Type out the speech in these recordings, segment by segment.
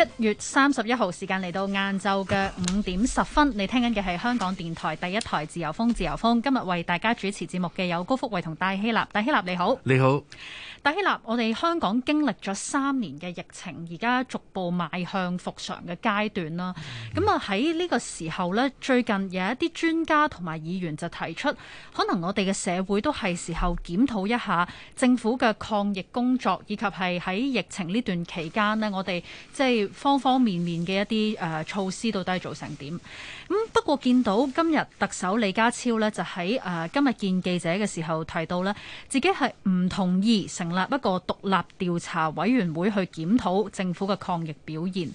一月三十一號，時間嚟到晏晝嘅五點十分，你聽緊嘅係香港電台第一台自由風，自由風今日為大家主持節目嘅有高福慧同戴希臘，戴希臘你好，你好，戴希臘，我哋香港經歷咗三年嘅疫情，而家逐步邁向復常嘅階段啦。咁啊喺呢個時候呢，最近有一啲專家同埋議員就提出，可能我哋嘅社會都係時候檢討一下政府嘅抗疫工作，以及係喺疫情呢段期間呢，我哋即係。方方面面嘅一啲、呃、措施到底做成點？咁、嗯、不過見到今日特首李家超呢，就喺、呃、今日見記者嘅時候提到呢，自己係唔同意成立一個獨立調查委員會去檢討政府嘅抗疫表現。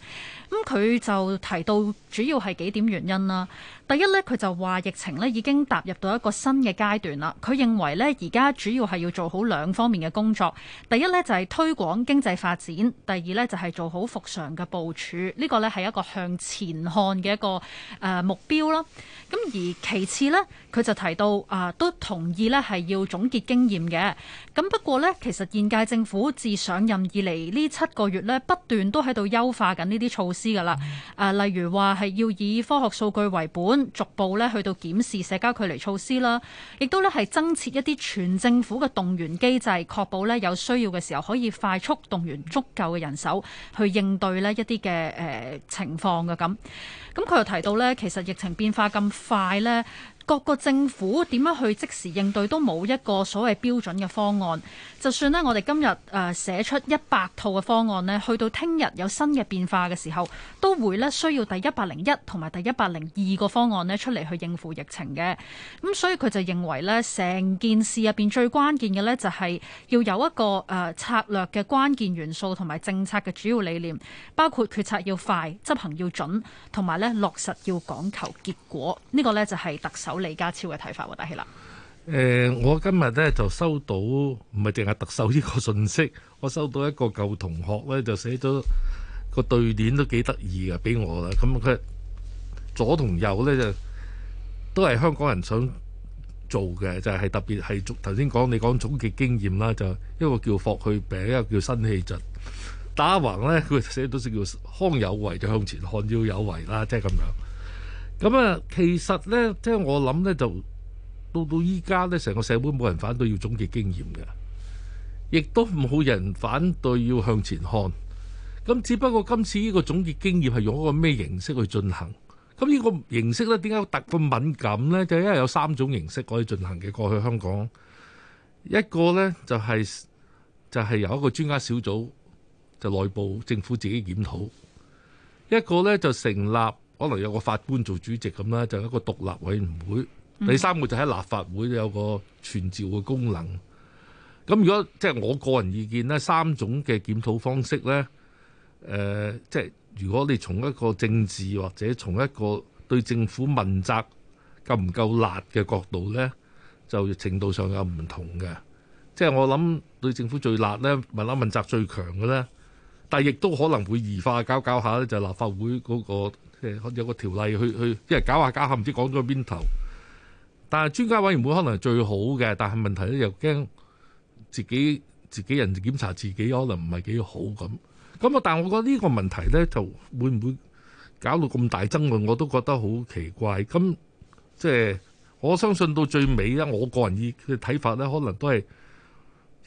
咁佢、嗯、就提到主要係幾點原因啦。第一咧，佢就話疫情咧，已經踏入到一個新嘅階段啦。佢認為咧，而家主要係要做好兩方面嘅工作。第一咧就係、是、推廣經濟發展，第二咧就係、是、做好復常嘅部署。呢個咧係一個向前看嘅一個誒目標啦。咁而其次咧。佢就提到啊，都同意咧，係要總結經驗嘅。咁不過呢，其實現屆政府自上任以嚟呢七個月呢，不斷都喺度優化緊呢啲措施噶啦。啊，例如話，係要以科學數據為本，逐步咧去到檢視社交距離措施啦，亦都咧係增設一啲全政府嘅動員機制，確保咧有需要嘅時候可以快速動員足夠嘅人手去應對呢一啲嘅、呃、情況嘅咁。咁佢又提到呢，其實疫情變化咁快呢。各個政府點樣去即時應對都冇一個所謂標準嘅方案，就算咧我哋今日誒寫出一百套嘅方案咧，去到聽日有新嘅變化嘅時候，都會咧需要第一百零一同埋第一百零二個方案咧出嚟去應付疫情嘅。咁所以佢就認為咧，成件事入邊最關鍵嘅咧就係要有一個誒策略嘅關鍵元素同埋政策嘅主要理念，包括決策要快、執行要準同埋咧落實要講求結果。呢個咧就係特首李家超嘅睇法喎，戴希林。誒、欸，我今日咧就收到，唔係淨係特首呢個信息，我收到一個舊同學咧就寫咗個對聯都幾得意嘅，俾我啦。咁佢左同右咧就都係香港人想做嘅，就係、是、特別係頭先講你講總結經驗啦，就一個叫霍去病，一個叫辛棄疾。打橫咧佢寫到先叫康有為就向前看要有為啦，即係咁樣。咁啊，其實咧，即係我諗咧，就到到依家咧，成個社會冇人反對要總結經驗嘅，亦都唔好人反對要向前看。咁只不過今次呢個總結經驗係用一個咩形式去進行？咁呢個形式咧，點解突然咁敏感咧？就因為有三種形式可以進行嘅。過去香港一個咧就係就係由一個專家小組，就內部政府自己檢討，一個咧就成立。可能有個法官做主席咁啦，就是、一個獨立委員會。第三個就喺立法會有個傳召嘅功能。咁如果即係、就是、我個人意見呢，三種嘅檢討方式呢，誒、呃，即、就、係、是、如果你從一個政治或者從一個對政府問責夠唔夠辣嘅角度呢，就程度上有唔同嘅。即、就、係、是、我諗對政府最辣呢，問啦問責最強嘅呢，但亦都可能會異化搞搞下咧，就是、立法會嗰、那個。有個條例去去搞一係搞下搞下，唔知講咗去邊頭。但係專家委員會可能係最好嘅，但係問題咧又驚自己自己人檢查自己，可能唔係幾好咁咁啊。但係我覺得呢個問題呢，就會唔會搞到咁大爭論，我都覺得好奇怪。咁即係我相信到最尾呢，我個人嘅睇法呢，可能都係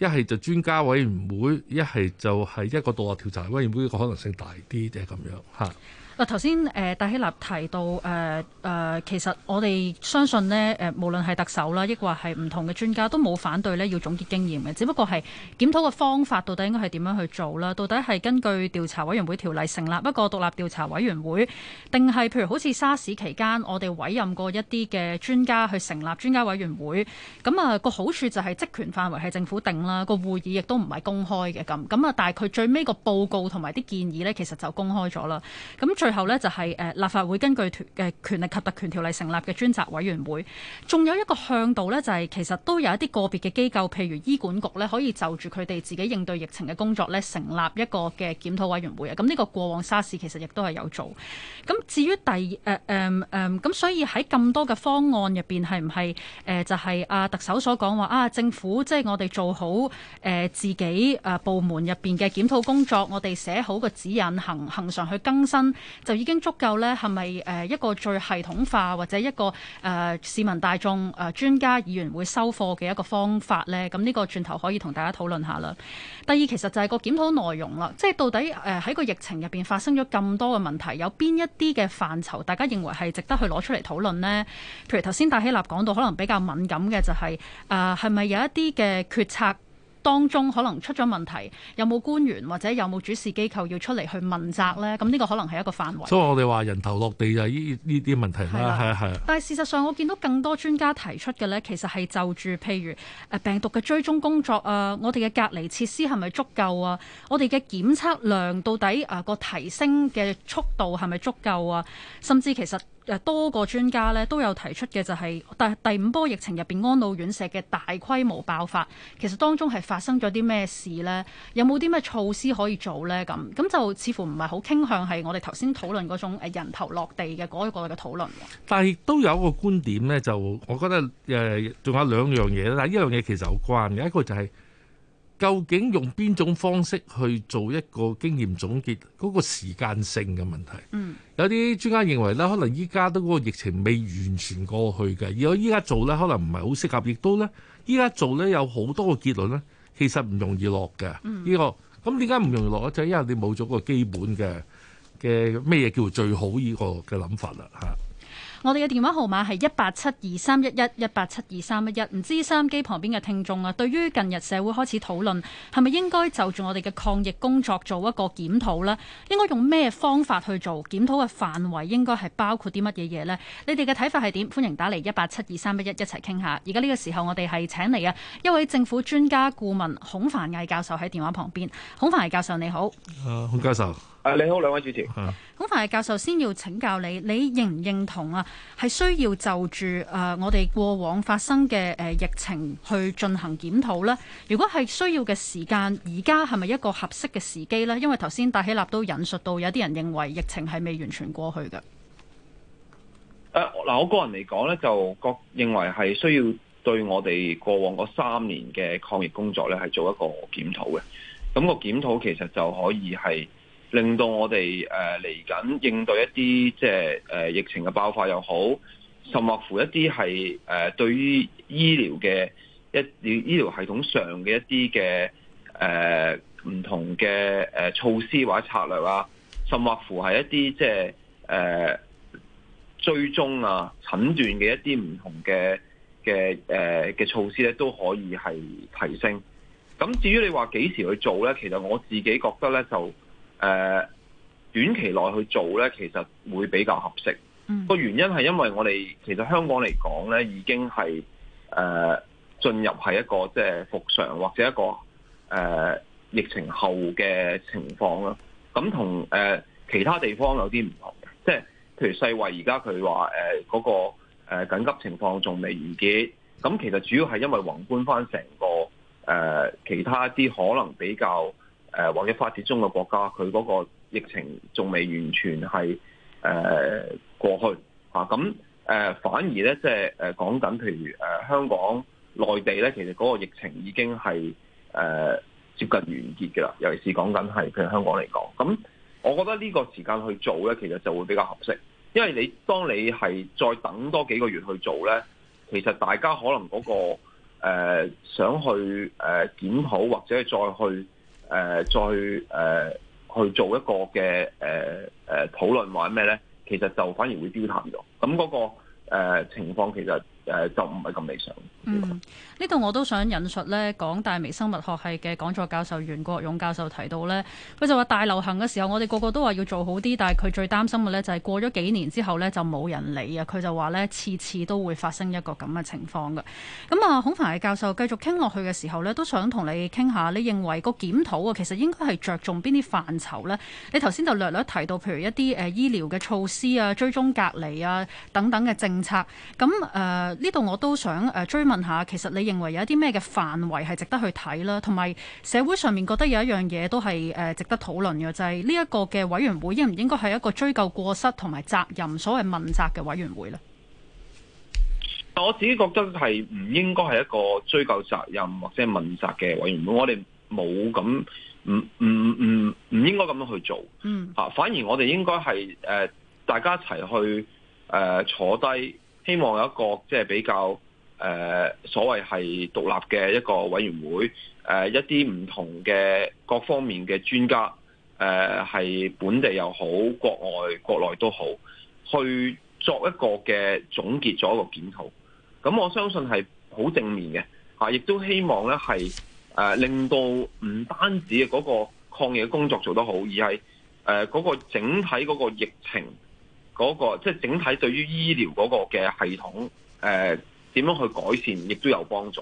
一係就專家委員會，一係就係一個獨立調查委員會，個可能性大啲，即係咁樣嚇。啊。嗱，頭先誒戴希立提到誒誒、呃呃、其實我哋相信咧誒無論係特首啦，亦或係唔同嘅專家，都冇反對咧要總結經驗嘅，只不過係檢討嘅方法到底應該係點樣去做啦？到底係根據調查委員會條例成立一個獨立調查委員會定係譬如好似沙士期間我哋委任過一啲嘅專家去成立專家委員會，咁啊，個好處就係職權範圍係政府定啦，個會議亦都唔係公開嘅咁。咁啊，但係佢最尾個報告同埋啲建議咧，其實就公開咗啦。咁最後呢，就係立法會根據權力及特權條例成立嘅專責委員會，仲有一個向度呢，就係其實都有一啲個別嘅機構，譬如醫管局呢，可以就住佢哋自己應對疫情嘅工作呢，成立一個嘅檢討委員會啊。咁呢個過往沙士其實亦都係有做。咁至於第誒誒咁，所以喺咁多嘅方案入面是是，係唔係就係、是、阿、啊、特首所講話啊？政府即係、就是、我哋做好誒、呃、自己誒部門入面嘅檢討工作，我哋寫好個指引，恆常去更新。就已經足夠呢，係咪誒一個最系統化或者一個誒、呃、市民大眾誒、呃、專家議員會收貨嘅一個方法呢？咁呢個轉頭可以同大家討論一下啦。第二其實就係個檢討內容啦，即、就、係、是、到底誒喺個疫情入邊發生咗咁多嘅問題，有邊一啲嘅範疇，大家認為係值得去攞出嚟討論呢？譬如頭先戴希立講到，可能比較敏感嘅就係誒係咪有一啲嘅決策。當中可能出咗問題，有冇官員或者有冇主事機構要出嚟去問責呢？咁呢個可能係一個範圍。所以我哋話人頭落地就係呢啲問題啦，係啊，係係。但係事實上，我見到更多專家提出嘅呢，其實係就住譬如、啊、病毒嘅追蹤工作啊，我哋嘅隔離設施係咪足夠啊？我哋嘅檢測量到底啊個提升嘅速度係咪足夠啊？甚至其實。誒多個專家咧都有提出嘅就係，但係第五波疫情入邊安老院舍嘅大規模爆發，其實當中係發生咗啲咩事咧？有冇啲咩措施可以做咧？咁咁就似乎唔係好傾向係我哋頭先討論嗰種誒人頭落地嘅嗰一個嘅討論。但亦都有一個觀點咧，就我覺得誒仲有兩樣嘢咧，但係呢樣嘢其實有關嘅一個就係、是。究竟用邊種方式去做一個經驗總結？嗰個時間性嘅問題。嗯，有啲專家認為咧，可能依家都嗰個疫情未完全過去嘅，而我依家做咧，可能唔係好適合。亦都咧，依家做咧有好多個結論咧，其實唔容易落嘅。嗯，呢個咁點解唔容易落？就係因為你冇咗個基本嘅嘅咩嘢叫做最好呢個嘅諗法啦嚇。我哋嘅電話號碼係一八七二三一一一八七二三一一，唔知收音機旁邊嘅聽眾啊，對於近日社會開始討論，係咪應該就住我哋嘅抗疫工作做一個檢討呢？應該用咩方法去做檢討嘅範圍？應該係包括啲乜嘢嘢呢？你哋嘅睇法係點？歡迎打嚟一八七二三一一一齊傾下。而家呢個時候，我哋係請嚟啊一位政府專家顧問孔繁毅教授喺電話旁邊。孔繁毅教授你好。啊，孔教授。你好，兩位主持。咁、啊，繁毅教授，先要請教你，你認唔認同啊？係需要就住誒、呃、我哋過往發生嘅誒、呃、疫情去進行檢討呢？如果係需要嘅時間，而家係咪一個合適嘅時機呢？因為頭先戴希立都引述到有啲人認為疫情係未完全過去嘅。嗱、呃，我個人嚟講呢，就覺認為係需要對我哋過往嗰三年嘅抗疫工作呢，係做一個檢討嘅。咁、那個檢討其實就可以係。令到我哋誒嚟緊應對一啲即係誒疫情嘅爆發又好，甚或乎一啲係誒對於醫療嘅一啲醫療系統上嘅一啲嘅誒唔同嘅誒措施或者策略啊，甚或乎係一啲即係誒追蹤啊診斷嘅一啲唔同嘅嘅誒嘅措施咧，都可以係提升。咁至於你話幾時去做咧？其實我自己覺得咧就。誒，uh, 短期內去做咧，其實會比較合適。個、嗯、原因係因為我哋其實香港嚟講咧，已經係誒進入係一個即係復常或者一個誒、uh, 疫情後嘅情況啦。咁同誒其他地方有啲唔同嘅，即係譬如世衛而家佢話誒嗰個誒緊急情況仲未完結。咁其實主要係因為宏觀翻成個誒、uh, 其他一啲可能比較。誒或者發展中嘅國家，佢嗰個疫情仲未完全係誒、呃、過去嚇，咁、啊、誒反而咧，即係誒講緊，譬如誒、呃、香港內地咧，其實嗰個疫情已經係誒、呃、接近完結嘅啦。尤其是講緊係譬如香港嚟講，咁我覺得呢個時間去做咧，其實就會比較合適，因為你當你係再等多幾個月去做咧，其實大家可能嗰、那個、呃、想去誒、呃、檢討或者係再去。誒、呃、再誒去、呃、去做一個嘅誒誒討論或者咩咧，其實就反而會丢淡咗，咁嗰個誒、呃、情況其實誒，就唔係咁理想。嗯，呢度我都想引述呢，港大微生物學系嘅講座教授袁國勇教授提到呢，佢就話大流行嘅時候，我哋個個都話要做好啲，但係佢最擔心嘅呢，就係過咗幾年之後呢，就冇人理啊。佢就話呢，次次都會發生一個咁嘅情況嘅。咁啊，孔繁毅教授繼續傾落去嘅時候呢，都想同你傾下，你認為個檢討啊，其實應該係着重邊啲範疇呢？你頭先就略略提到，譬如一啲誒醫療嘅措施啊、追蹤隔離啊等等嘅政策，咁誒。呃呢度我都想誒追問下，其實你認為有一啲咩嘅範圍係值得去睇啦，同埋社會上面覺得有一樣嘢都係誒值得討論嘅，就係呢一個嘅委員會應唔應該係一個追究過失同埋責任，所謂問責嘅委員會咧？我自己覺得係唔應該係一個追究責任或者問責嘅委員會，我哋冇咁唔唔唔唔應該咁樣去做。嗯，反而我哋應該係誒、呃、大家一齊去、呃、坐低。希望有一個即係比較誒、呃、所謂係獨立嘅一個委員會，誒、呃、一啲唔同嘅各方面嘅專家，誒、呃、係本地又好，國外國內都好，去作一個嘅總結，做一個檢討。咁我相信係好正面嘅，嚇、啊！亦都希望咧係誒令到唔單止嘅嗰個抗疫工作做得好，而係誒嗰個整體嗰個疫情。嗰、那個、即係整體對於醫療嗰個嘅系統，誒、呃、點樣去改善，亦都有幫助。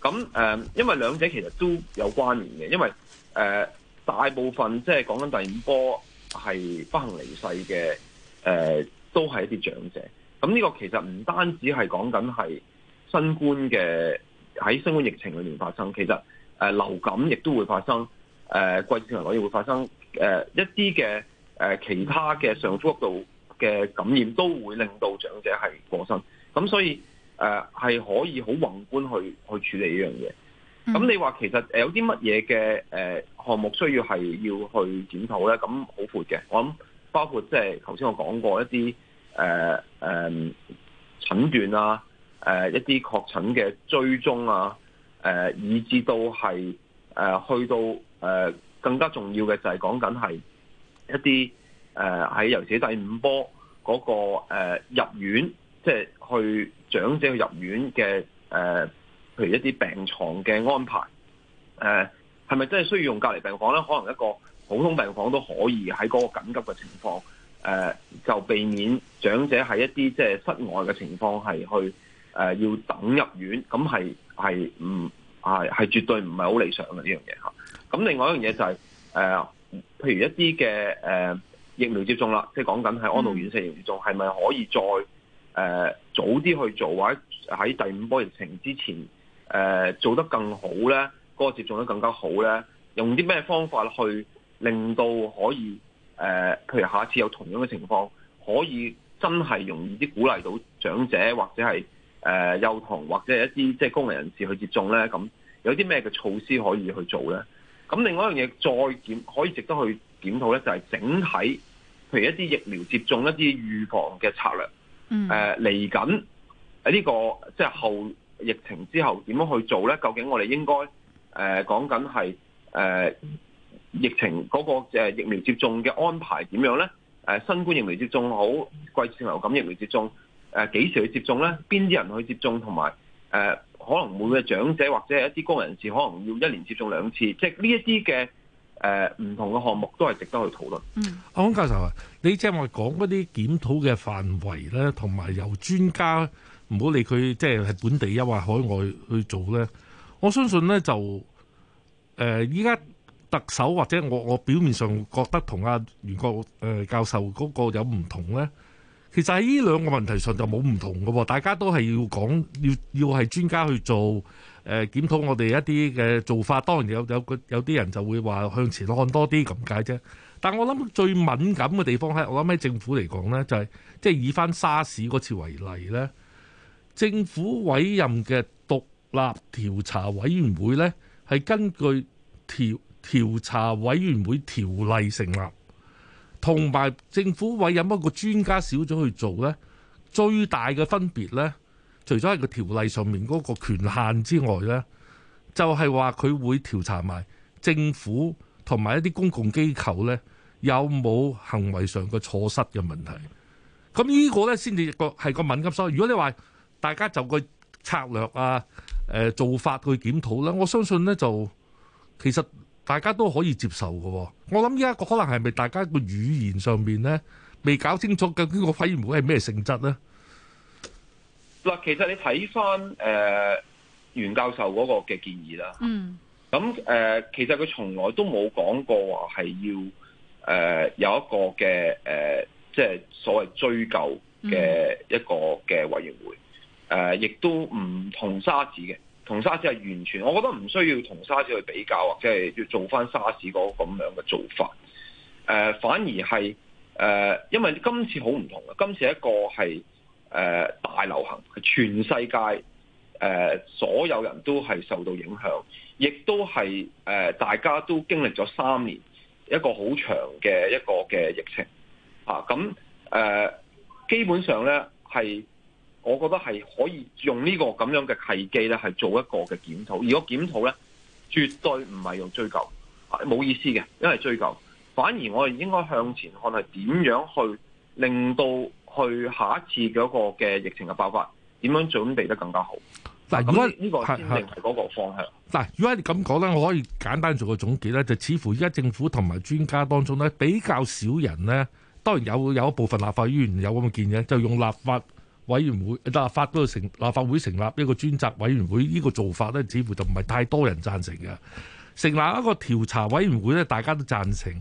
咁誒、呃，因為兩者其實都有關聯嘅，因為誒、呃、大部分即係講緊第五波係不幸離世嘅，誒、呃、都係一啲長者。咁呢個其實唔單止係講緊係新冠嘅喺新冠疫情裏面發生，其實誒、呃、流感亦都會發生，誒、呃、季節性流感亦會發生，誒、呃、一啲嘅誒其他嘅上呼吸道嘅感染都會令到長者係過身，咁所以誒係、呃、可以好宏觀去去處理呢樣嘢。咁你話其實誒有啲乜嘢嘅誒項目需要係要去檢討咧？咁好闊嘅，我諗包括即係頭先我講過一啲誒誒診斷啊，誒、呃、一啲確診嘅追蹤啊，誒、呃、以至到係誒、呃、去到誒、呃、更加重要嘅就係講緊係一啲。誒喺、呃、尤其是第五波嗰、那個、呃、入院，即、就、係、是、去長者去入院嘅誒、呃，譬如一啲病床嘅安排，誒係咪真係需要用隔離病房咧？可能一個普通病房都可以喺嗰個緊急嘅情況，誒、呃、就避免長者喺一啲即係室外嘅情況係去誒、呃、要等入院，咁係係唔係係絕對唔係好理想嘅呢樣嘢嚇。咁另外一樣嘢就係、是、誒、呃，譬如一啲嘅誒。呃疫苗接種啦，即係講緊係安老院舍疫苗接種，係咪、嗯、可以再、呃、早啲去做，或者喺第五波疫情之前、呃、做得更好咧？嗰、那個接種得更加好咧？用啲咩方法去令到可以誒、呃？譬如下一次有同樣嘅情況，可以真係容易啲鼓勵到長者或者係誒、呃、幼童或者係一啲即係公務人士去接種咧？咁有啲咩嘅措施可以去做咧？咁另外一樣嘢再檢可以值得去。檢討咧就係整體，譬如一啲疫苗接種、一啲預防嘅策略，誒嚟緊喺呢個即係、就是、後疫情之後點樣去做咧？究竟我哋應該誒講緊係誒疫情嗰、那個、呃、疫苗接種嘅安排點樣咧？誒、呃、新冠疫苗接種好，季節流感疫苗接種誒幾、呃、時去接種咧？邊啲人去接種同埋誒可能每個長者或者係一啲高人士可能要一年接種兩次，即係呢一啲嘅。誒唔、呃、同嘅項目都係值得去討論。嗯，阿孔、嗯、教授啊，你即係話講嗰啲檢討嘅範圍咧，同埋由專家唔好理佢即係係本地一或海外去做咧，我相信咧就誒依家特首或者我我表面上覺得同阿袁國誒、呃、教授嗰個有唔同咧，其實喺呢兩個問題上就冇唔同嘅喎，大家都係要講要要係專家去做。誒檢討我哋一啲嘅做法，當然有有有啲人就會話向前看多啲咁解啫。但我諗最敏感嘅地方係，我諗喺政府嚟講呢，就係即係以翻沙士嗰次為例呢，政府委任嘅獨立調查委員會呢，係根據調調查委員會條例成立，同埋政府委任一個專家小組去做呢，最大嘅分別呢。除咗係個條例上面嗰個權限之外呢，就係話佢會調查埋政府同埋一啲公共機構呢有冇行為上嘅錯失嘅問題。咁呢個呢，先至個係個敏感。所以如果你話大家就個策略啊、誒、呃、做法去檢討呢，我相信呢就其實大家都可以接受嘅、哦。我諗呢一個可能係咪大家個語言上面呢，未搞清楚究竟個委員會係咩性質呢。嗱，其實你睇翻誒袁教授嗰個嘅建議啦，嗯，咁誒其實佢從來都冇講過話係要誒有一個嘅誒，即係所謂追究嘅一個嘅委員會，誒亦都唔同沙士嘅，同沙士係完全，我覺得唔需要同沙士去比較或者係要做翻沙士嗰個咁樣嘅做法，誒反而係誒，因為今次好唔同嘅，今次一個係。誒、呃，大流行，全世界誒、呃，所有人都係受到影響，亦都係誒、呃，大家都經歷咗三年一個好長嘅一個嘅疫情，咁誒、啊呃，基本上咧係，我覺得係可以用這個這呢個咁樣嘅契機咧，係做一個嘅檢討。如果檢討咧，絕對唔係用追究，冇意思嘅，因為追究，反而我哋應該向前看，係點樣去令到。去下一次嗰個嘅疫情嘅爆發點樣準備得更加好？嗱，如果呢個先定係嗰個方向。嗱，如果係咁講咧，我可以簡單做個總結咧，就似乎而家政府同埋專家當中咧，比較少人咧。當然有有一部分立法議員有咁嘅建議，就用立法委員會、立法都個成立法會成立一個專責委員會，呢個做法咧，似乎就唔係太多人贊成嘅。成立一個調查委員會咧，大家都贊成，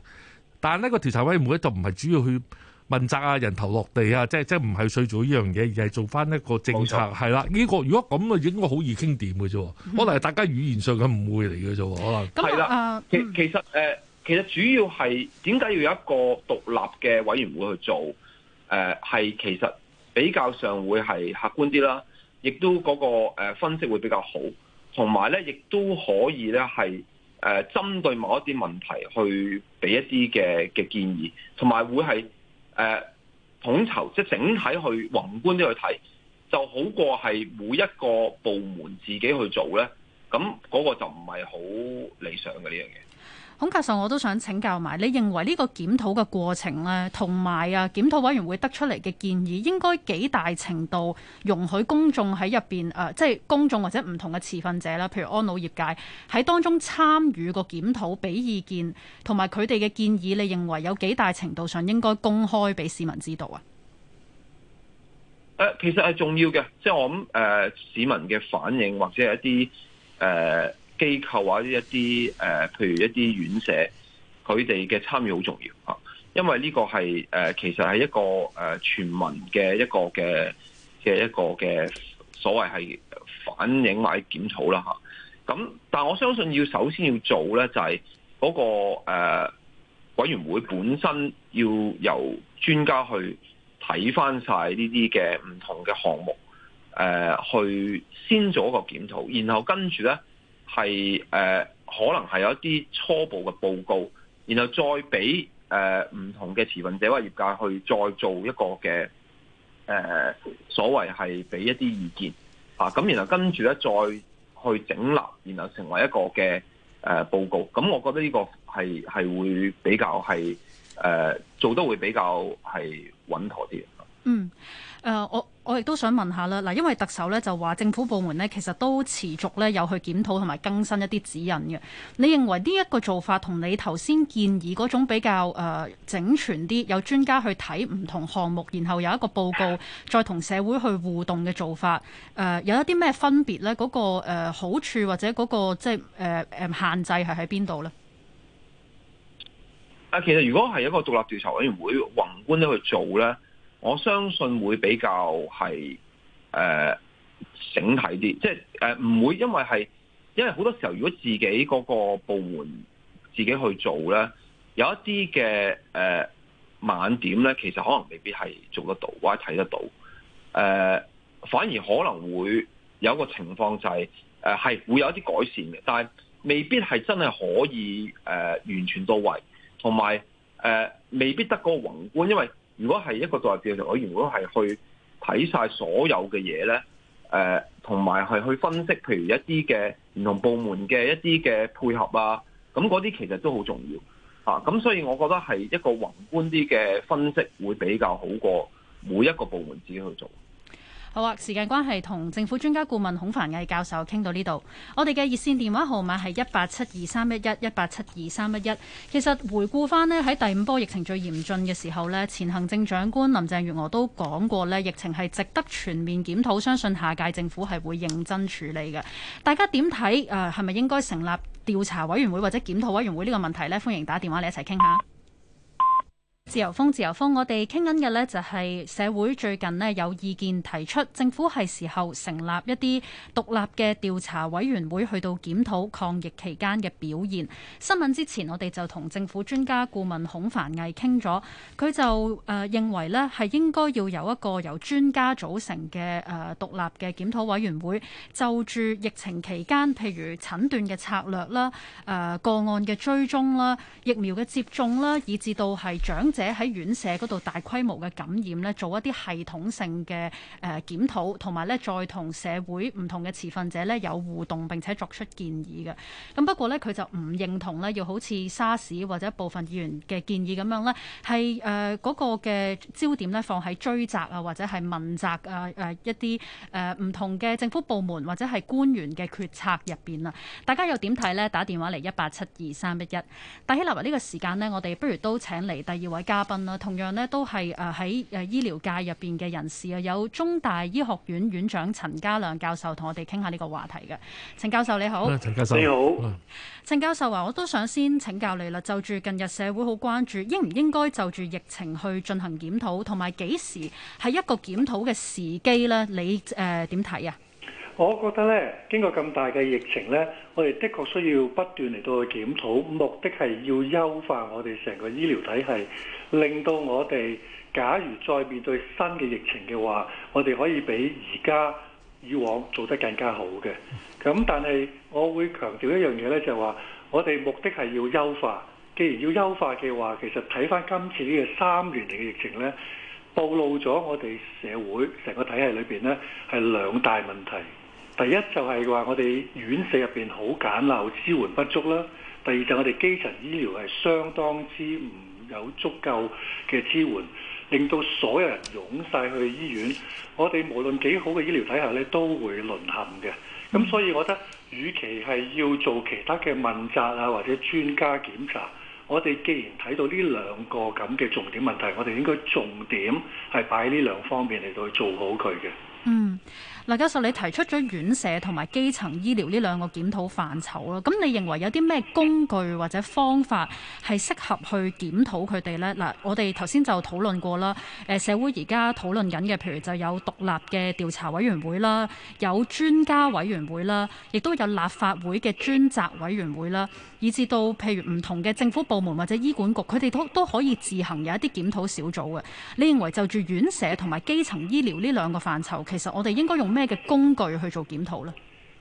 但係呢個調查委員會咧，就唔係主要去。問責啊，人頭落地啊，即係即係唔係去做呢樣嘢，而係做翻一個政策係啦。呢錯、這個如果咁啊，應該好易傾掂嘅啫。嗯、可能係大家語言上嘅誤會嚟嘅啫，嗯、可能係啦、嗯。其其實誒、呃，其實主要係點解要有一個獨立嘅委員會去做？誒、呃，係其實比較上會係客觀啲啦，亦都嗰個誒分析會比較好，同埋咧，亦都可以咧係誒針對某一啲問題去俾一啲嘅嘅建議，同埋會係。誒、啊，統籌即整體去宏觀啲去睇，就好過係每一個部門自己去做咧，咁嗰個就唔係好理想嘅呢樣嘢。孔教授，我都想請教埋，你認為呢個檢討嘅過程咧，同埋啊，檢討委員會得出嚟嘅建議，應該幾大程度容許公眾喺入邊誒，即係公眾或者唔同嘅持份者啦，譬如安老業界喺當中參與個檢討，俾意見，同埋佢哋嘅建議，你認為有幾大程度上應該公開俾市民知道啊？誒，其實係重要嘅，即係我諗誒，市民嘅反應或者係一啲誒。呃機構或者一啲誒、呃，譬如一啲院舍，佢哋嘅參與好重要嚇，因為呢個係誒、呃，其實係一個誒、呃、全民嘅一個嘅嘅一個嘅所謂係反映或者檢討啦嚇。咁、啊，但我相信要首先要做咧，就係、是、嗰、那個、呃、委員會本身要由專家去睇翻晒呢啲嘅唔同嘅項目，誒、呃、去先做一個檢討，然後跟住咧。係誒、呃，可能係有一啲初步嘅報告，然後再俾誒唔同嘅持份者或業界去再做一個嘅誒、呃、所謂係俾一啲意見啊，咁然後跟住咧再去整立，然後成為一個嘅誒、呃、報告。咁我覺得呢個係係會比較係誒、呃、做得會比較係穩妥啲。嗯，誒、呃、我我亦都想問下啦，嗱，因為特首咧就話政府部門呢，其實都持續咧有去檢討同埋更新一啲指引嘅。你認為呢一個做法同你頭先建議嗰種比較誒、呃、整全啲，有專家去睇唔同項目，然後有一個報告再同社會去互動嘅做法，誒、呃、有一啲咩分別呢？嗰、那個、呃、好處或者嗰、那個即係誒誒限制係喺邊度呢？啊，其實如果係一個獨立調查委員會宏觀地去做呢。我相信會比較係誒、呃、整體啲，即係誒唔會因為係因為好多時候，如果自己嗰個部門自己去做咧，有一啲嘅誒晚點咧，其實可能未必係做得到，或者睇得到。誒、呃、反而可能會有一個情況就係誒係會有一啲改善嘅，但係未必係真係可以誒、呃、完全到位，同埋誒未必得個宏觀，因為，如果係一個獨立調查委員，如果係去睇晒所有嘅嘢咧，誒，同埋係去分析，譬如一啲嘅唔同部門嘅一啲嘅配合啊，咁嗰啲其實都好重要啊。咁所以我覺得係一個宏觀啲嘅分析會比較好過每一個部門自己去做。好啊，時間關係，同政府專家顧問孔繁毅教授傾到呢度。我哋嘅熱線電話號碼係一八七二三一一一八七二三一一。其實回顧返呢，喺第五波疫情最嚴峻嘅時候呢，前行政長官林鄭月娥都講過呢，疫情係值得全面檢討，相信下屆政府係會認真處理嘅。大家點睇？誒、呃，係咪應該成立調查委員會或者檢討委員會呢個問題呢？歡迎打電話嚟一齊傾下。自由風，自由風，我哋傾緊嘅呢，就係社會最近呢，有意見提出，政府係時候成立一啲獨立嘅調查委員會去到檢討抗疫期間嘅表現。新聞之前，我哋就同政府專家顧問孔繁毅傾咗，佢就誒、呃、認為呢係應該要有一個由專家組成嘅誒、呃、獨立嘅檢討委員會，就住疫情期間譬如診斷嘅策略啦、誒、呃、個案嘅追蹤啦、疫苗嘅接種啦，以至到係長者喺院舍嗰度大規模嘅感染咧，做一啲系統性嘅誒檢討同埋咧，再同社會唔同嘅持份者咧有互動，並且作出建議嘅。咁不過咧，佢就唔認同咧，要好似沙士或者部分議員嘅建議，咁樣咧，係誒嗰個嘅焦點咧放喺追責啊，或者係問責啊誒、呃、一啲誒唔同嘅政府部門或者係官員嘅決策入邊啊。大家又點睇咧？打電話嚟一八七二三一一。但喜立話，呢個時間咧，我哋不如都請嚟第二位。嘉賓啦，同樣咧都係誒喺誒醫療界入邊嘅人士啊，有中大醫學院院長陳家亮教授同我哋傾下呢個話題嘅。陳教授你好，陳教授你好。陳教授啊，我都想先請教你啦，就住近日社會好關注，應唔應該就住疫情去進行檢討，同埋幾時係一個檢討嘅時機咧？你誒點睇啊？呃、我覺得咧，經過咁大嘅疫情咧，我哋的確需要不斷嚟到去檢討，目的係要優化我哋成個醫療體系。令到我哋，假如再面對新嘅疫情嘅話，我哋可以比而家以往做得更加好嘅。咁但係我會強調一樣嘢咧，就係話我哋目的係要優化。既然要優化嘅話，其實睇翻今次呢個三年嚟嘅疫情咧，暴露咗我哋社會成個體系裏邊咧係兩大問題。第一就係話我哋院舍入邊好簡陋、支援不足啦。第二就我哋基層醫療係相當之唔有足夠嘅支援，令到所有人湧晒去醫院。我哋無論幾好嘅醫療體系咧，都會淪陷嘅。咁所以，我覺得，與其係要做其他嘅問責啊，或者專家檢查，我哋既然睇到呢兩個咁嘅重點問題，我哋應該重點係擺呢兩方面嚟到去做好佢嘅。嗯。嗱，教授，你提出咗院舍同埋基層醫療呢兩個檢討範疇咯，咁你認為有啲咩工具或者方法係適合去檢討佢哋咧？嗱，我哋頭先就討論過啦，誒，社會而家討論緊嘅，譬如就有獨立嘅調查委員會啦，有專家委員會啦，亦都有立法會嘅專責委員會啦，以至到譬如唔同嘅政府部門或者醫管局，佢哋都都可以自行有一啲檢討小組嘅。你認為就住院舍同埋基層醫療呢兩個範疇，其實我哋應該用咩嘅工具去做檢討呢？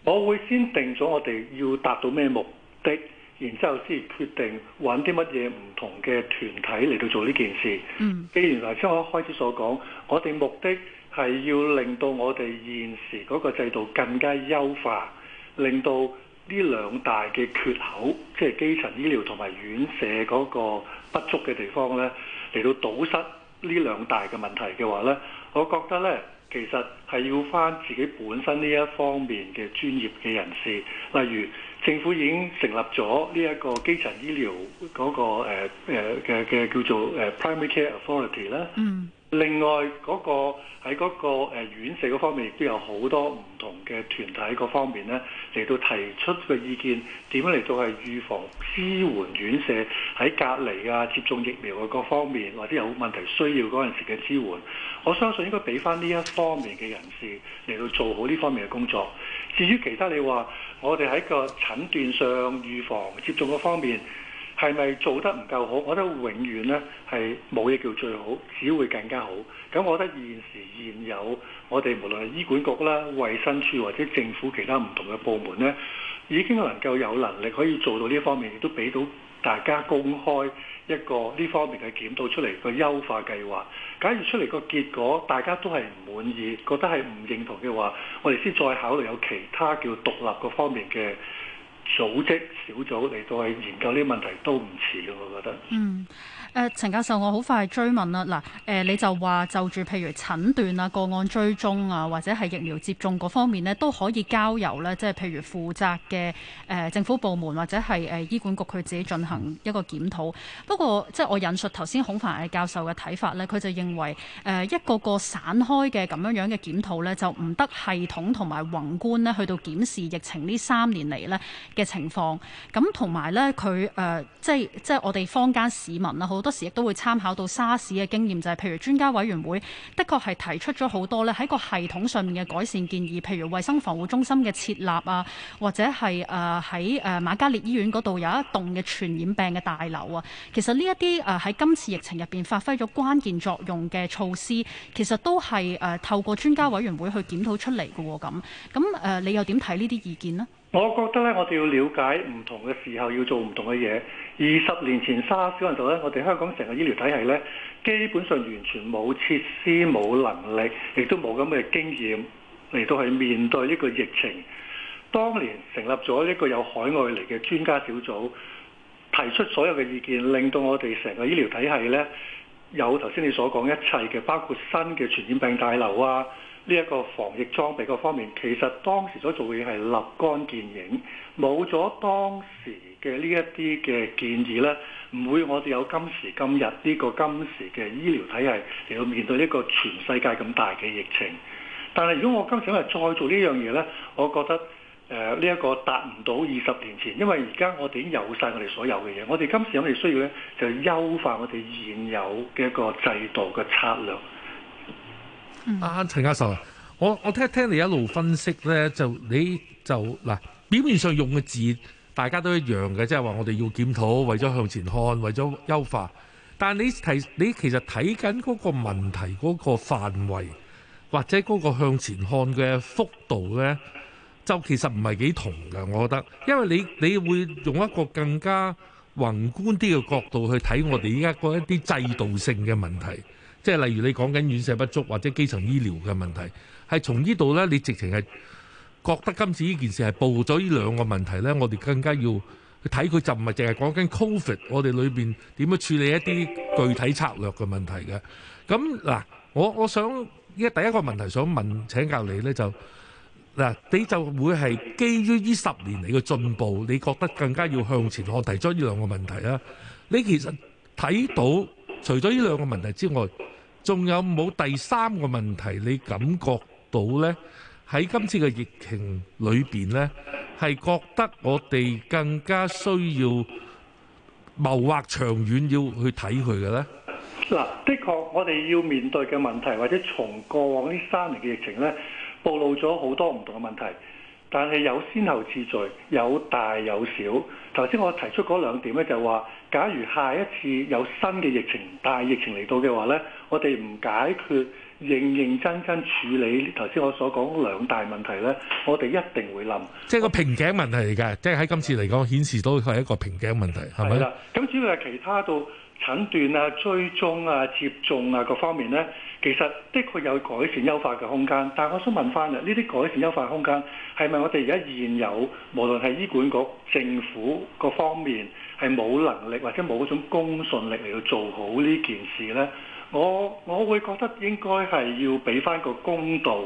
我會先定咗我哋要達到咩目的，然之後先決定揾啲乜嘢唔同嘅團體嚟到做呢件事。嗯，既然頭先我開始所講，我哋目的係要令到我哋現時嗰個制度更加優化，令到呢兩大嘅缺口，即係基層醫療同埋院舍嗰個不足嘅地方呢，嚟到堵塞呢兩大嘅問題嘅話呢，我覺得呢，其實係要翻自己本身呢一方面嘅專業嘅人士，例如政府已經成立咗呢一個基層醫療嗰個誒誒嘅嘅叫做誒 primary care authority 啦。嗯。另外嗰個喺嗰個院舍嗰方面，亦都有好多唔同嘅團體各方面咧嚟到提出嘅意見，點樣嚟到係預防支援院舍喺隔離啊、接種疫苗嘅各方面，或者有問題需要嗰陣時嘅支援，我相信應該俾翻呢一方面嘅人士嚟到做好呢方面嘅工作。至於其他你話我哋喺個診斷上、預防、接種嗰方面，係咪做得唔夠好？我覺得永遠呢係冇嘢叫最好，只會更加好。咁我覺得現時現有我哋無論係醫管局啦、衞生署或者政府其他唔同嘅部門呢，已經能夠有能力可以做到呢方面，亦都俾到大家公開一個呢方面嘅檢討出嚟嘅優化計劃。假如出嚟個結果大家都係唔滿意，覺得係唔認同嘅話，我哋先再考慮有其他叫獨立個方面嘅。組織小組嚟到去研究呢啲問題都唔遲㗎，我覺得。嗯誒，陳、呃、教授，我好快去追問啦。嗱、呃，你就話就住譬如診斷啊、個案追蹤啊，或者係疫苗接種嗰方面呢，都可以交由呢，即係譬如負責嘅誒、呃、政府部門或者係誒、呃、醫管局佢自己進行一個檢討。不過，即係我引述頭先孔繁毅教授嘅睇法呢，佢就認為誒、呃、一個個散開嘅咁樣樣嘅檢討呢，就唔得系統同埋宏觀呢，去到檢視疫情呢三年嚟呢嘅情況。咁同埋呢，佢誒、呃、即係即係我哋坊間市民啦，好。多時亦都會參考到沙士嘅經驗，就係譬如專家委員會，的確係提出咗好多咧喺個系統上面嘅改善建議，譬如衞生防護中心嘅設立啊，或者係誒喺誒瑪嘉烈醫院嗰度有一棟嘅傳染病嘅大樓啊。其實呢一啲誒喺今次疫情入邊發揮咗關鍵作用嘅措施，其實都係誒透過專家委員會去檢討出嚟嘅喎，咁。咁誒，你又點睇呢啲意見呢？我覺得咧，我哋要了解唔同嘅時候要做唔同嘅嘢。二十年前沙士嗰陣時候咧，我哋香港成個醫療體系咧，基本上完全冇設施、冇能力，亦都冇咁嘅經驗，嚟到去面對呢個疫情。當年成立咗一個有海外嚟嘅專家小組，提出所有嘅意見，令到我哋成個醫療體系咧有頭先你所講一切嘅，包括新嘅傳染病大樓啊，呢、這、一個防疫裝備各方面，其實當時所做嘢係立竿見影，冇咗當時。嘅呢一啲嘅建議咧，唔會我哋有今時今日呢個今時嘅醫療體系嚟到面對一個全世界咁大嘅疫情。但係如果我今時嚟再做呢樣嘢咧，我覺得誒呢一個達唔到二十年前，因為而家我哋已經有晒我哋所有嘅嘢。我哋今時有咩需要咧，就優化我哋現有嘅一個制度嘅策略。嗯、啊，陳教授、啊，我我聽聽你一路分析咧，就你就嗱、啊、表面上用嘅字。大家都一樣嘅，即係話我哋要檢討，為咗向前看，為咗優化。但係你提你其實睇緊嗰個問題嗰個範圍，或者嗰個向前看嘅幅度咧，就其實唔係幾同嘅。我覺得，因為你你會用一個更加宏觀啲嘅角度去睇我哋依家嗰一啲制度性嘅問題，即係例如你講緊院舍不足或者基層醫療嘅問題，係從呢度咧，你直情係。覺得今次呢件事係暴咗呢兩個問題呢，我哋更加要去睇佢，就唔係淨係講緊 COVID，我哋裏邊點樣處理一啲具體策略嘅問題嘅。咁嗱，我我想依家第一個問題想問請教你呢，就嗱，你就會係基於呢十年嚟嘅進步，你覺得更加要向前看，我提出呢兩個問題啦。你其實睇到除咗呢兩個問題之外，仲有冇第三個問題？你感覺到呢？喺今次嘅疫情裏邊咧，係覺得我哋更加需要謀劃長遠，要去睇佢嘅咧。嗱，的確，我哋要面對嘅問題或者從過往呢三年嘅疫情咧，暴露咗好多唔同嘅問題，但係有先後次序，有大有小。頭先我提出嗰兩點咧，就話假如下一次有新嘅疫情，大疫情嚟到嘅話咧，我哋唔解決。認認真真處理頭先我所講兩大問題呢，我哋一定會諗。即係個瓶頸問題嚟㗎，即係喺今次嚟講顯示到佢係一個瓶頸問題，係咪吧？係啦，咁主要係其他到診斷啊、追蹤啊、接種啊各方面呢，其實的確有改善優化嘅空間。但我想問翻啦，呢啲改善優化空間係咪我哋而家現有，無論係醫管局、政府各方面？係冇能力或者冇嗰種公信力嚟到做好呢件事咧，我我會覺得應該係要俾翻個公道。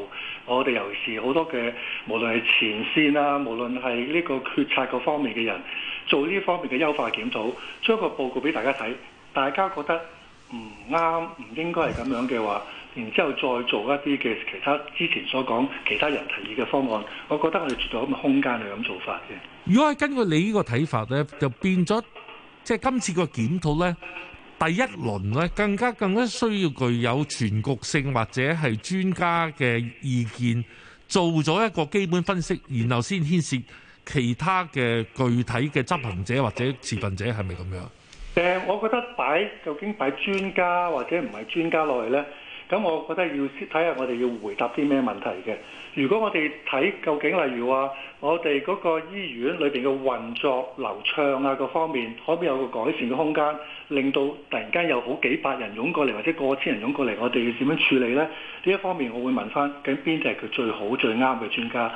我哋尤其是好多嘅，無論係前線啊，無論係呢個決策個方面嘅人，做呢方面嘅優化檢討，將個報告俾大家睇。大家覺得唔啱，唔應該係咁樣嘅話。然之後再做一啲嘅其他之前所講其他人提議嘅方案，我覺得我哋絕對有咁嘅空間去咁做法嘅。如果係根據你呢個睇法咧，就變咗即係今次個檢討咧，第一輪咧更加更加需要具有全局性或者係專家嘅意見，做咗一個基本分析，然後先牽涉其他嘅具體嘅執行者或者持份者，係咪咁樣？誒、呃，我覺得擺究竟擺專家或者唔係專家落去咧？咁我覺得要先睇下我哋要回答啲咩問題嘅。如果我哋睇究竟，例如話我哋嗰個醫院裏面嘅運作流暢啊各方面，可唔可以有個改善嘅空間，令到突然間有好幾百人湧過嚟，或者過千人湧過嚟，我哋要點樣處理呢？呢一方面，我會問翻，咁邊啲係佢最好最啱嘅專家？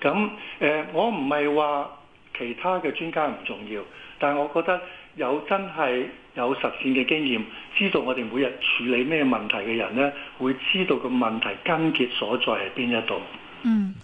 咁、呃、我唔係話其他嘅專家唔重要，但係我覺得。有真係有實踐嘅經驗，知道我哋每日處理咩問題嘅人咧，會知道個問題根結所在係邊一度。嗯。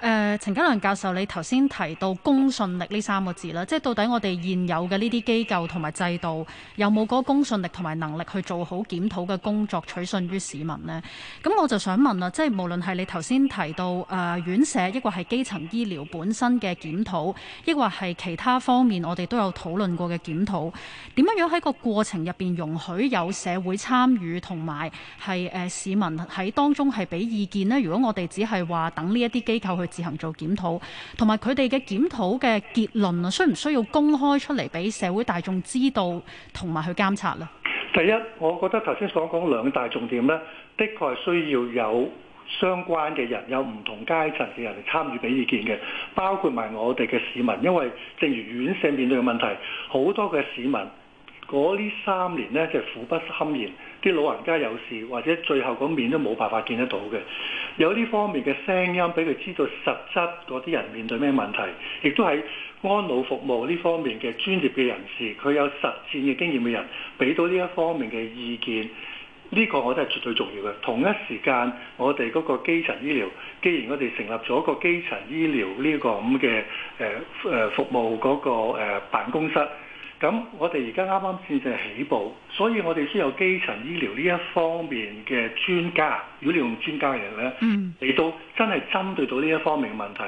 誒、呃，陳家亮教授，你頭先提到公信力呢三個字啦，即係到底我哋現有嘅呢啲機構同埋制度有冇嗰個公信力同埋能力去做好檢討嘅工作，取信於市民呢？咁我就想問啦，即係無論係你頭先提到誒、呃、院舍，抑或係基層醫療本身嘅檢討，抑或係其他方面，我哋都有討論過嘅檢討，點樣樣喺個過程入邊容許有社會參與同埋係誒市民喺當中係俾意見呢？如果我哋只係話等呢一啲機構去自行做檢討，同埋佢哋嘅檢討嘅結論啊，需唔需要公開出嚟俾社會大眾知道，同埋去監察呢？第一，我覺得頭先所講兩大重點呢，的確係需要有相關嘅人，有唔同階層嘅人嚟參與俾意見嘅，包括埋我哋嘅市民，因為正如院舍面對嘅問題，好多嘅市民嗰呢三年呢，就苦不堪言。啲老人家有事，或者最後嗰面都冇辦法見得到嘅，有呢方面嘅聲音俾佢知道實質嗰啲人面對咩問題，亦都係安老服務呢方面嘅專業嘅人士，佢有實戰嘅經驗嘅人，俾到呢一方面嘅意見，呢個我覺得係絕對重要嘅。同一時間，我哋嗰個基層醫療，既然我哋成立咗個基層醫療呢個咁嘅服務嗰個誒辦公室。咁我哋而家啱啱先至起步，所以我哋先有基層醫療呢一方面嘅專家，如果你用專家嘅人咧，嚟到真係針對到呢一方面嘅問題，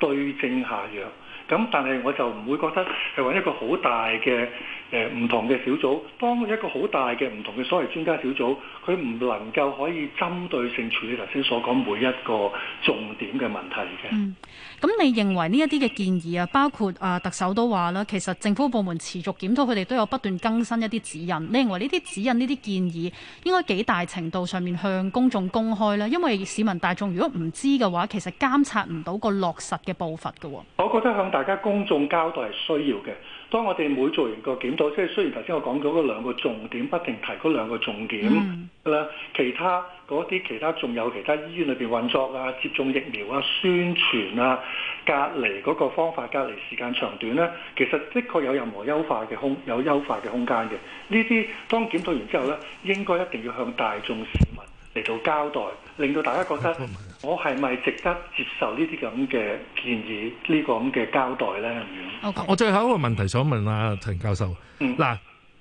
對症下藥。咁但係我就唔會覺得係揾一個好大嘅誒，唔同嘅小組幫一個好大嘅唔同嘅所謂專家小組，佢唔能夠可以針對性處理頭先所講每一個重點嘅問題嘅。嗯，咁你認為呢一啲嘅建議啊，包括啊、呃、特首都話啦，其實政府部門持續檢討，佢哋都有不斷更新一啲指引。你認為呢啲指引呢啲建議應該幾大程度上面向公眾公開咧？因為市民大眾如果唔知嘅話，其實監察唔到個落實嘅步伐㗎喎、哦。我覺得向大家公眾交代係需要嘅。當我哋每做完個檢討，即係雖然頭先我講咗嗰兩個重點，不停提嗰兩個重點啦，mm. 其他嗰啲其他仲有其他醫院裏面運作啊、接種疫苗啊、宣傳啊、隔離嗰個方法、隔離時間長短呢，其實的確有任何優化嘅空有優化嘅空間嘅。呢啲當檢討完之後呢，應該一定要向大眾市民，嚟到交代，令到大家覺得我係咪值得接受呢啲咁嘅建議，呢、這個咁嘅交代呢？係唔係 Okay. 我最後一個問題想問阿、啊、陳教授，嗱、嗯，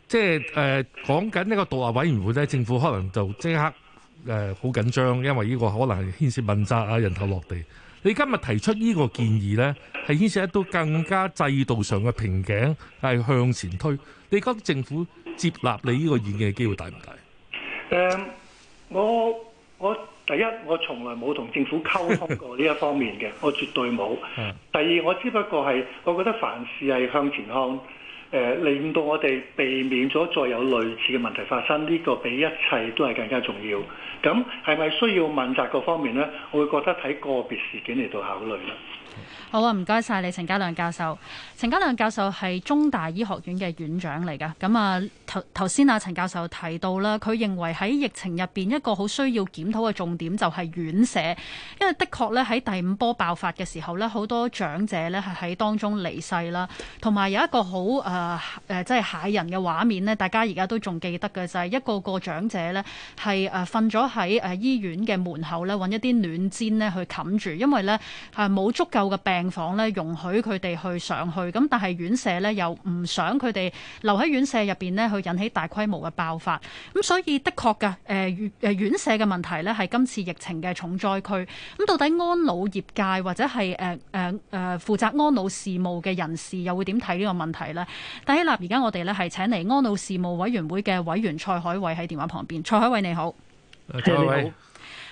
即係誒講緊呢個獨立委員會呢，政府可能就即刻誒好緊張，因為呢個可能牽涉問責啊、人頭落地。你今日提出呢個建議呢，係牽涉得到更加制度上嘅瓶頸，係向前推。你覺得政府接納你呢個意見嘅機會大唔大？誒、嗯。我我第一，我從來冇同政府溝通過呢一方面嘅，我絕對冇。第二，我只不過係，我覺得凡事係向前看，呃，令到我哋避免咗再有類似嘅問題發生，呢、呢個比一切都係更加重要。咁係咪需要問責嗰方面呢？我會覺得睇個別事件嚟到考慮啦。好啊，唔該晒你，陳家亮教授。陳家亮教授係中大醫學院嘅院長嚟㗎。咁啊，頭頭先阿陳教授提到啦，佢認為喺疫情入邊一個好需要檢討嘅重點就係院舍，因為的確咧喺第五波爆發嘅時候咧，好多長者咧係喺當中離世啦，同埋有一個好誒誒即係駭人嘅畫面咧，大家而家都仲記得嘅就係、是、一個個長者咧係誒瞓咗喺誒醫院嘅門口咧搵一啲暖氈咧去冚住，因為咧係冇足夠嘅病。房咧容許佢哋去上去，咁但係院舍咧又唔想佢哋留喺院舍入邊咧，去引起大規模嘅爆發。咁所以的確噶，誒，誒，院舍嘅問題咧係今次疫情嘅重災區。咁到底安老業界或者係誒誒誒負責安老事務嘅人士又會點睇呢個問題呢？第一，立，而家我哋咧係請嚟安老事務委員會嘅委員蔡海偉喺電話旁邊。蔡海偉你好，蔡海偉，Hello.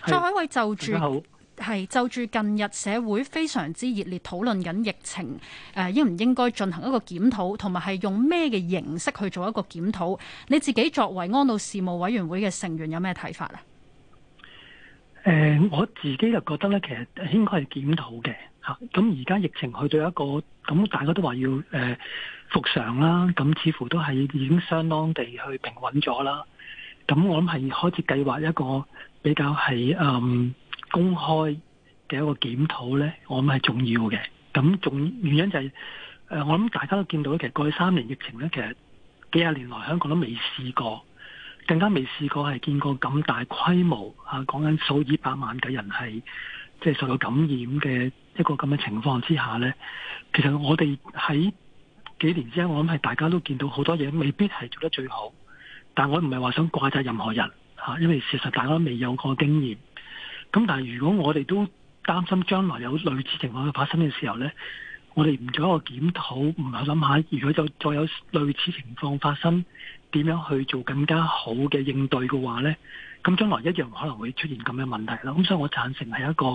蔡海偉就住。係就住近日社會非常之熱烈討論緊疫情，誒、啊、應唔應該進行一個檢討，同埋係用咩嘅形式去做一個檢討？你自己作為安老事務委員會嘅成員有什麼看，有咩睇法啊？誒，我自己就覺得呢，其實應該係檢討嘅吓。咁而家疫情去到一個咁，大家都話要誒、呃、復常啦，咁似乎都係已經相當地去平穩咗啦。咁我諗係開始計劃一個比較係嗯，公開嘅一個檢討呢，我諗係重要嘅。咁重原因就係、誒，我諗大家都見到其實過去三年疫情呢，其實幾廿年來香港都未試過，更加未試過係見過咁大規模吓，講緊數以百萬嘅人係即係受到感染嘅一個咁嘅情況之下呢，其實我哋喺幾年之間，我諗係大家都見到好多嘢未必係做得最好，但我唔係話想怪責任何人吓、啊，因為事實大家都未有過經驗。咁但係如果我哋都擔心將來有類似情況發生嘅時候咧，我哋唔做一個檢討，唔去諗下，如果就再有類似情況發生，點樣去做更加好嘅應對嘅話咧，咁將來一樣可能會出現咁嘅問題啦。咁所以我贊成係一個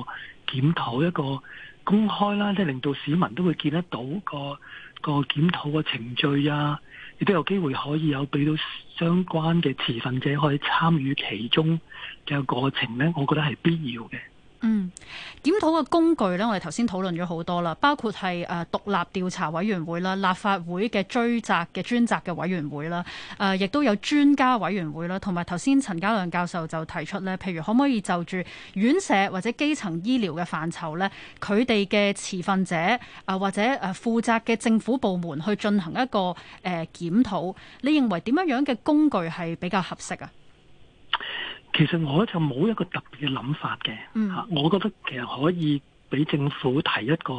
檢討一個公開啦，即係令到市民都會見得到個個檢討嘅程序啊，亦都有機會可以有俾到相關嘅持份者可以參與其中。嘅過程咧，我覺得係必要嘅。嗯，檢討嘅工具咧，我哋頭先討論咗好多啦，包括係誒獨立調查委員會啦、立法會嘅追責嘅專責嘅委員會啦，誒、呃、亦都有專家委員會啦，同埋頭先陳家亮教授就提出咧，譬如可唔可以就住院舍或者基層醫療嘅範疇咧，佢哋嘅持份者啊、呃、或者誒負責嘅政府部門去進行一個誒、呃、檢討。你認為點樣樣嘅工具係比較合適啊？其實我就冇一個特別嘅諗法嘅，吓、嗯，我覺得其實可以俾政府提一個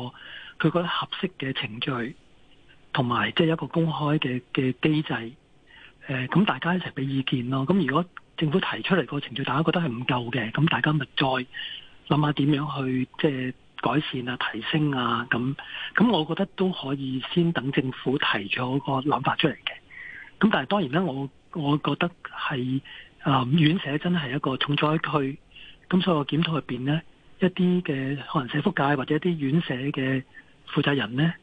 佢覺得合適嘅程序，同埋即係一個公開嘅嘅機制。咁、呃、大家一齊俾意見咯。咁如果政府提出嚟個程序，大家覺得係唔夠嘅，咁大家咪再諗下點樣去即係改善啊、提升啊咁。咁我覺得都可以先等政府提咗個諗法出嚟嘅。咁但係當然啦，我我覺得係。啊！院舍真係一個重災區，咁所以我檢討入邊呢一啲嘅可能社福界或者一啲院舍嘅負責人呢，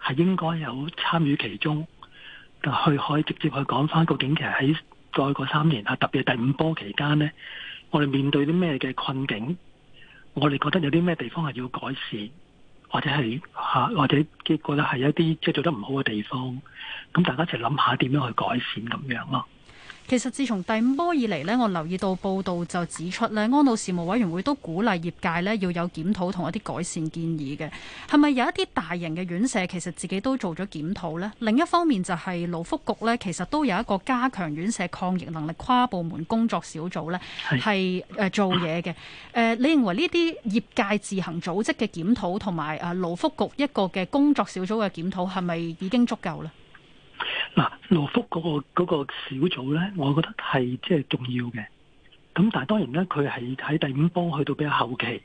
係應該有參與其中，就去可以直接去講翻個究竟喺再過三年啊，特別第五波期間呢，我哋面對啲咩嘅困境，我哋覺得有啲咩地方係要改善，或者係吓或者結覺得係一啲即係做得唔好嘅地方，咁大家一齊諗下點樣去改善咁樣咯。其實，自從第五波以嚟咧，我留意到報道就指出咧，安老事務委員會都鼓勵業界咧要有檢討同一啲改善建議嘅。係咪有一啲大型嘅院舍其實自己都做咗檢討呢？另一方面就係勞福局咧，其實都有一個加強院舍抗疫能力跨部門工作小組咧、呃，係是做嘢嘅。誒、呃，你認為呢啲業界自行組織嘅檢討同埋勞福局一個嘅工作小組嘅檢討係咪已經足夠啦？嗱，羅福嗰、嗰個嗰個小組呢，我覺得係即係重要嘅。咁但係當然呢，佢係喺第五波去到比較後期，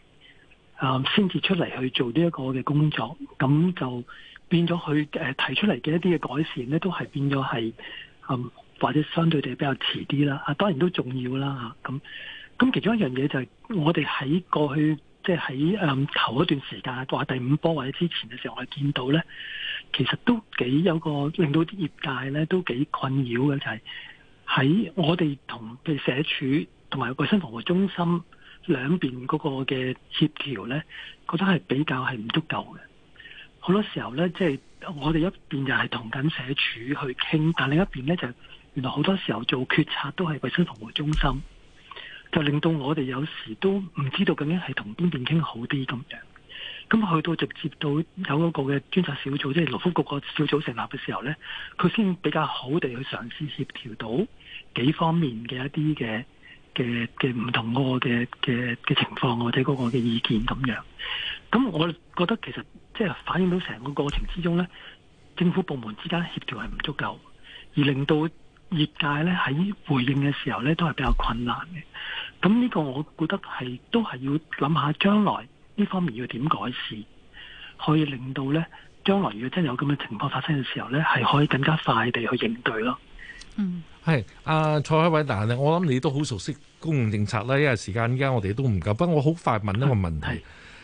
啊、嗯，先至出嚟去做呢一個嘅工作。咁就變咗佢誒提出嚟嘅一啲嘅改善呢，都係變咗係啊，或者相對地比較遲啲啦。啊，當然都重要啦嚇。咁咁其中一樣嘢就係我哋喺過去即係喺啊頭一段時間話第五波或者之前嘅時候，我哋見到呢。其實都幾有個令到啲業界咧都幾困擾嘅，就係喺我哋同譬如社署同埋衛生防護中心兩邊嗰個嘅協調咧，覺得係比較係唔足夠嘅。好多時候咧，即係我哋一邊就係同緊社署去傾，但另一邊咧就係原來好多時候做決策都係衛生防護中心，就令到我哋有時都唔知道究竟係同邊邊傾好啲咁樣。咁去到直接到有一個嘅專責小組，即係勞福局個小組成立嘅時候咧，佢先比較好地去嘗試協調到幾方面嘅一啲嘅嘅嘅唔同個嘅嘅嘅情況或者嗰個嘅意見咁樣。咁我覺得其實即係反映到成個過程之中咧，政府部門之間協調係唔足夠，而令到業界咧喺回應嘅時候咧都係比較困難嘅。咁呢個我覺得係都係要諗下將來。呢方面要點改善，可以令到咧將來如果真有咁嘅情況發生嘅時候咧，係可以更加快地去應對咯。嗯、係阿、呃、蔡海偉，但係我諗你都好熟悉公共政策啦。因為時間依家我哋都唔夠，不過我好快問一個問題，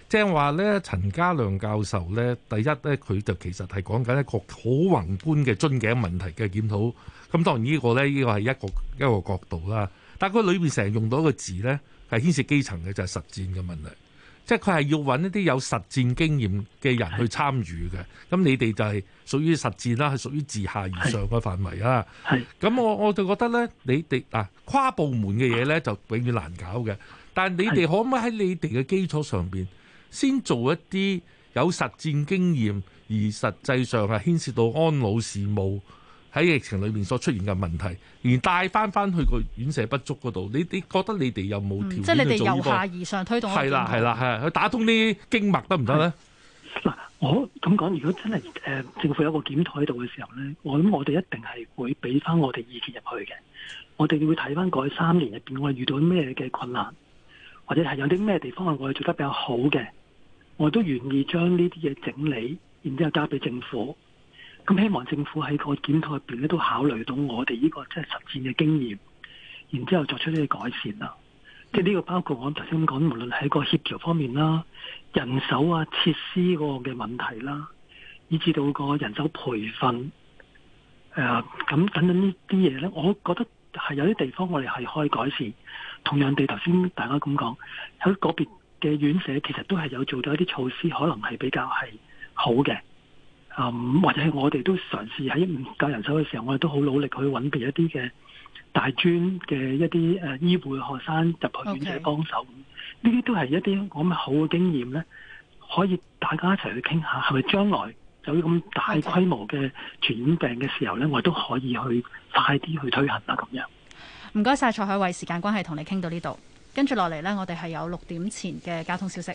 即係話咧陳家亮教授咧，第一咧佢就其實係講緊一個好宏觀嘅樽頸問題嘅檢討。咁當然個呢、呢個咧呢個係一個一個角度啦，但係佢裏邊成日用到一個字咧，係牽涉基層嘅就係、是、實踐嘅問題。即係佢係要揾一啲有實戰經驗嘅人去參與嘅，咁你哋就係屬於實戰啦，係屬於自下而上嘅範圍啦。咁我我就覺得呢，你哋啊跨部門嘅嘢呢就永遠難搞嘅。但係你哋可唔可以喺你哋嘅基礎上面先做一啲有實戰經驗，而實際上係牽涉到安老事務喺疫情裏面所出現嘅問題，而帶翻翻去個院舍不足嗰度，你你覺得你哋有冇條件去做呢、這個？嗯、即係你哋由下而上推動。係啦係啦係，佢打通啲經脈得唔得咧？嗱，我咁講，如果真係誒、呃、政府有個檢討喺度嘅時候咧，我諗我哋一定係會俾翻我哋意見入去嘅。我哋會睇翻過去三年入邊，我哋遇到咩嘅困難，或者係有啲咩地方係我哋做得比較好嘅，我都願意將呢啲嘢整理，然之後交俾政府。咁希望政府喺個檢討入邊咧，都考慮到我哋呢個即係實戰嘅經驗，然之後作出呢個改善啦。即呢個包括我頭先講，無論喺個協調方面啦、人手啊、設施嗰個嘅問題啦，以至到個人手培訓咁、呃、等等呢啲嘢呢，我覺得係有啲地方我哋係可以改善。同樣地，頭先大家咁講喺嗰邊嘅院舍，其實都係有做到一啲措施，可能係比較係好嘅。啊，或者係我哋都嘗試喺唔夠人手嘅時候，我哋都好努力去揾別一啲嘅大專嘅一啲誒醫護學生入去院舍幫手，呢啲 Okay. 都係一啲咁好嘅經驗咧。可以大家一齊去傾下，係咪將來有啲咁大規模嘅傳染病嘅時候咧，我哋都可以去快啲去推行啦、啊、咁樣。唔該曬蔡海偉，時間關係同你傾到呢度，跟住落嚟咧，我哋係有六點前嘅交通消息。